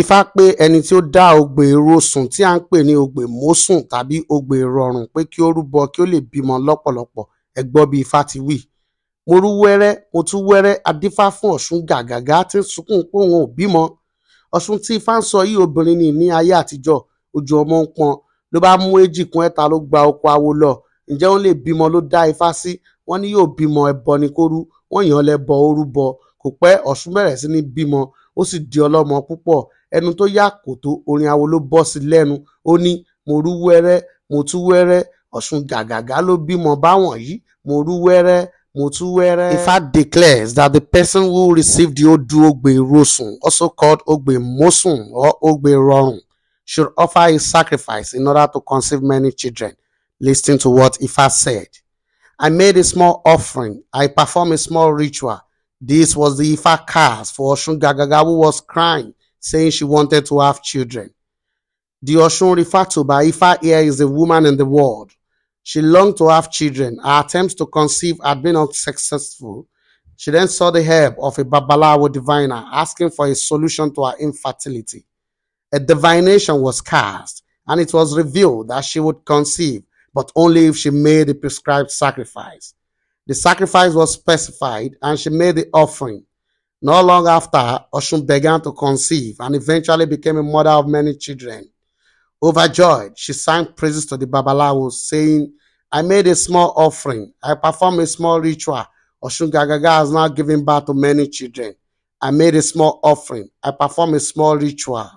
Ifá pé ẹni tí ó dá ogbè ìrosùn tí à ń pè ní ogbè ìmósùn tàbí ogbè ìrọ̀rùn pé kí ó rúbọ kí ó lè bímọ lọ́pọ̀lọpọ̀ ẹ gbọ́ bí Ifá ti wí mo rú wẹ́rẹ́ mo tú wẹ́rẹ́ a dífá fún Ọ̀ṣun gàgàgá tí ń sunkún póun ò bímọ Ọ̀ṣun tí Ifá ń sọ yìí obìnrin ni ní ayé àtijọ́ ojú ọmọ ń pọn ló bá mú èjì kún ẹ̀ta ló gba oko awo lọ ǹjẹ́ ó lè bímọ ló dá Ifá sí wọ́n ní yóò bímọ ẹbọ ni kó rú wọ́n yàn án lẹ́bọ ó rúbọ kò pẹ́ Ọ̀ṣun bẹ̀rẹ̀ sí ní bímọ ó sì di ọlọ́mọ púpọ̀ ẹnu tó yà kò tó orin awo ló bọ́ sí lẹ́nu ó ní mo rú wẹ́rẹ́ mo tú wẹ́rẹ́ ọ̀ṣun gàgàgà ló bímọ báwọn yìí mo rú wẹ́rẹ́ mo tú wẹ́rẹ́. Ifá declares that the person who received the Odu Ogbe Rosun also called Ogbe Mosun or Ogbe Rorun should offer a sacrifice in order to conceive many children. Listen to what Ifa said. I made a small offering. I performed a small ritual. This was the Ifa cast for Oshun Gagagawu was crying, saying she wanted to have children. The Oshun referred to by Ifa here is a woman in the world. She longed to have children. Her attempts to conceive had been unsuccessful. She then saw the help of a Babalawo diviner asking for a solution to her infertility. A divination was cast, and it was revealed that she would conceive, but only if she made the prescribed sacrifice. The sacrifice was specified, and she made the offering. Not long after, Oshun began to conceive and eventually became a mother of many children. Overjoyed, she sang praises to the Babalawo, saying, I made a small offering. I performed a small ritual. Oshun Gagaga has now given birth to many children. I made a small offering. I performed a small ritual.